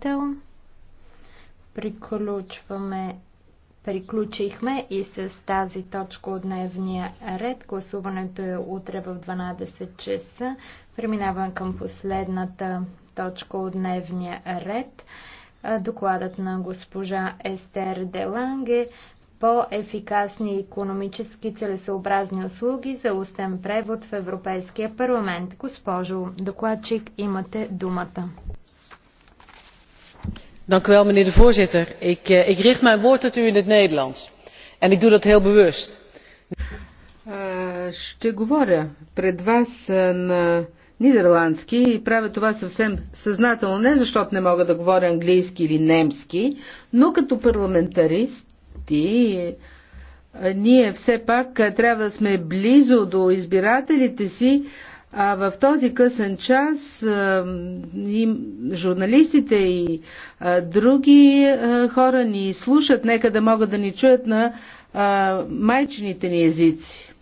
приятел. Приключваме Приключихме и с тази точка от дневния ред. Гласуването е утре в 12 часа. Преминавам към последната точка от дневния ред. Докладът на госпожа Естер Деланге по-ефикасни економически целесообразни услуги за устен превод в Европейския парламент. Госпожо докладчик, имате думата voorzitter eh, ik richt mijn woord tot u in het nederlands en ik doe dat heel bewust. Eh, ще говоря пред вас е, на нидерландски и правя това съвсем съзнателно, не защото не мога да говоря английски или немски, но като парламентаристи е, ние все пак е, трябва да сме близо до избирателите си, а в този късен час и журналистите и други хора ни слушат, нека да могат да ни чуят на майчините ни езици.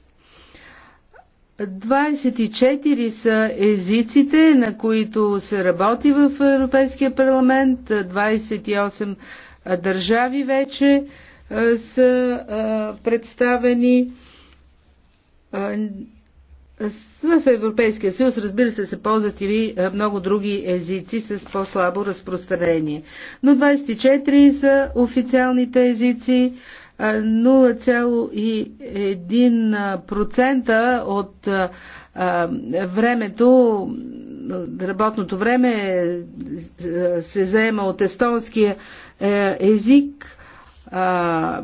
24 са езиците, на които се работи в Европейския парламент, 28 държави вече са представени в Европейския съюз, разбира се, се ползват и много други езици с по-слабо разпространение. Но 24 са официалните езици, 0,1% от времето, работното време се заема от естонския език а,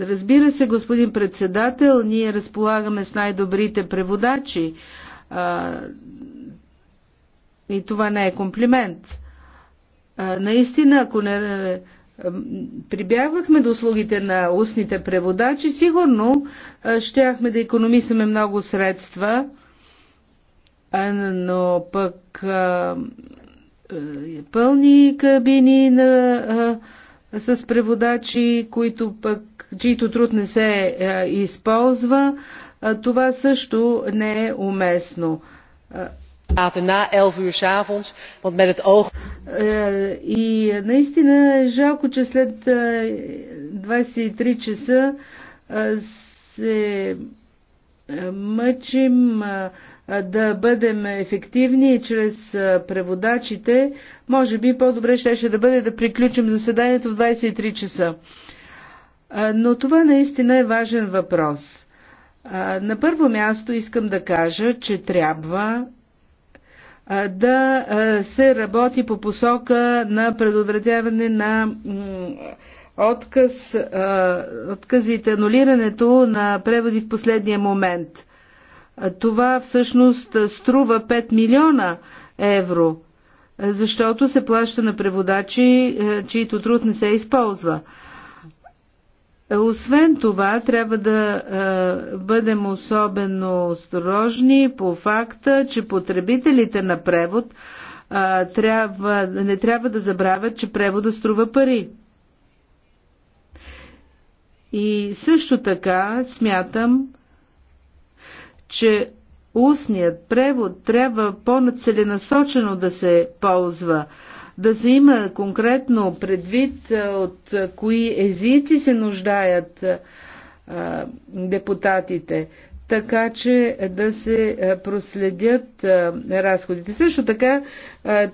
разбира се, господин председател, ние разполагаме с най-добрите преводачи. А, и това не е комплимент. А, наистина, ако не прибягвахме до услугите на устните преводачи, сигурно щяхме да економисаме много средства, но пък е, пълни кабини на с преводачи, които пък, чието труд не се е, а, използва, това също не е уместно. Е, и наистина е жалко, че след 23 е, часа се мъчим да бъдем ефективни и чрез преводачите, може би по-добре щеше да бъде да приключим заседанието в 23 часа. Но това наистина е важен въпрос. На първо място искам да кажа, че трябва да се работи по посока на предотвратяване на отказ, отказите, анулирането на преводи в последния момент. Това всъщност струва 5 милиона евро, защото се плаща на преводачи, чието труд не се използва. Освен това, трябва да е, бъдем особено осторожни по факта, че потребителите на превод е, трябва, не трябва да забравят, че превода струва пари. И също така смятам, че устният превод трябва по-нацеленасочено да се ползва. Е, да се има конкретно предвид е, от кои езици се нуждаят е, депутатите, така че да се е, проследят разходите. Също така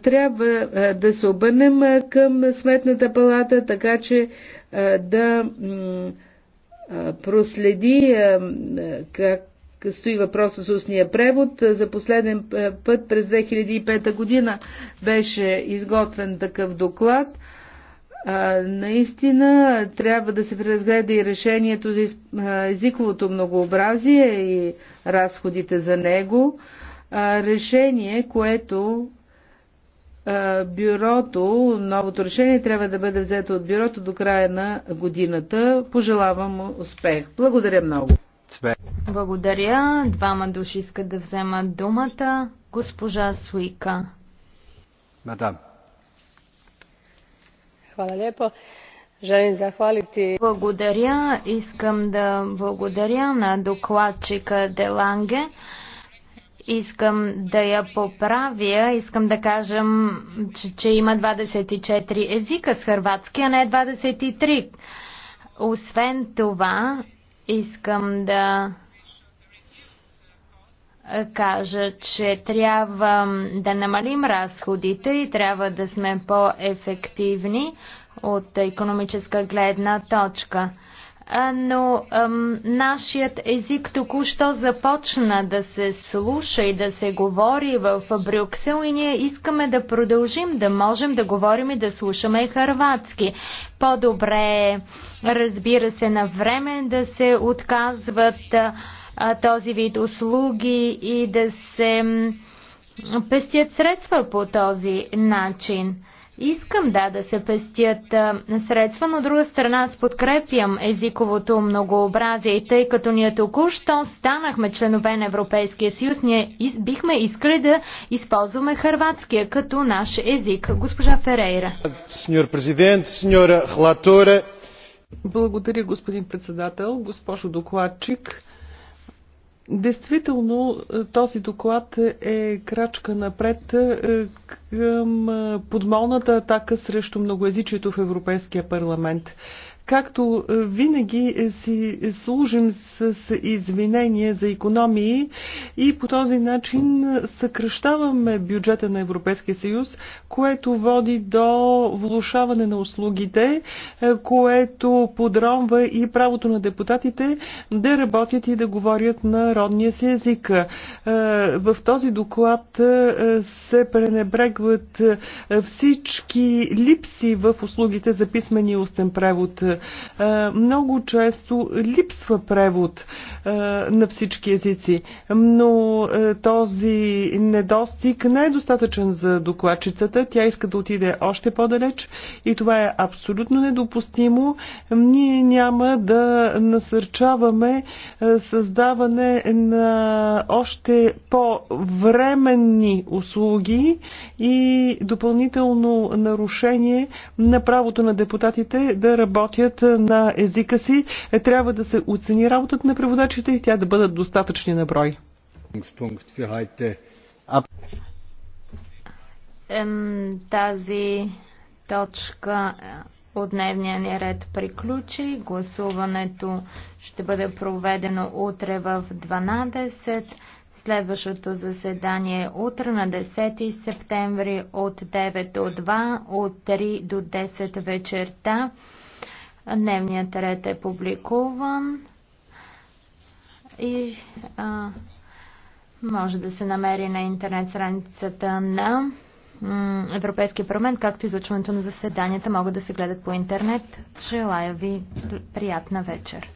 трябва да се обърнем към Сметната палата, така че да проследи как стои въпроса с устния превод. За последен е, път през 2005 година беше изготвен такъв доклад. А, наистина трябва да се преразгледа и решението за езиковото многообразие и разходите за него. А, решение, което а, бюрото, новото решение трябва да бъде взето от бюрото до края на годината. Пожелавам успех. Благодаря много. Благодаря. Двама души искат да вземат думата. Госпожа Суика. Мадам. Хвала лепо. Желим захвалити. Благодаря. Искам да благодаря на докладчика Деланге. Искам да я поправя. Искам да кажем, че, че има 24 езика с хърватски, а не 23. Освен това, искам да кажа, че трябва да намалим разходите и трябва да сме по-ефективни от економическа гледна точка но ам, нашият език току-що започна да се слуша и да се говори в Брюксел и ние искаме да продължим да можем да говорим и да слушаме и хърватски. По-добре разбира се, на време да се отказват а, този вид услуги и да се пестят средства по този начин. Искам да да се пестят средства, но от друга страна аз подкрепям езиковото многообразие и тъй като ние току-що станахме членове на Европейския съюз, ние бихме искали да използваме хърватския като наш език. Госпожа Ферейра. Сеньор президент, сеньора Хлатуре. Благодаря, господин председател, госпожо докладчик. Действително, е, този доклад е крачка напред е, към е, подмолната атака срещу многоязичието в Европейския парламент. Както е, винаги е, си служим с извинения за економии и по този начин съкръщаваме бюджета на Европейския съюз, което води до влушаване на услугите, е, което подронва и правото на депутатите да работят и да говорят на родния си език. В този доклад се пренебрегват всички липси в услугите за писмения устен превод. Е, много често липсва превод е, на всички езици, но е, този недостиг не е достатъчен за докладчицата. Тя иска да отиде още по-далеч и това е абсолютно недопустимо. Ние няма да насърчаваме създаване на още по-временни услуги и допълнително нарушение на правото на депутатите да работят носителят на езика си. Е, трябва да се оцени работата на преводачите и тя да бъдат достатъчни на брой. Тази точка от дневния ни ред приключи. Гласуването ще бъде проведено утре в 12. Следващото заседание е утре на 10 септември от 9 до 2, от 3 до 10 вечерта. Дневният ред е публикуван и а, може да се намери на интернет страницата на Европейския парламент, както излъчването на заседанията могат да се гледат по интернет. Желая ви приятна вечер!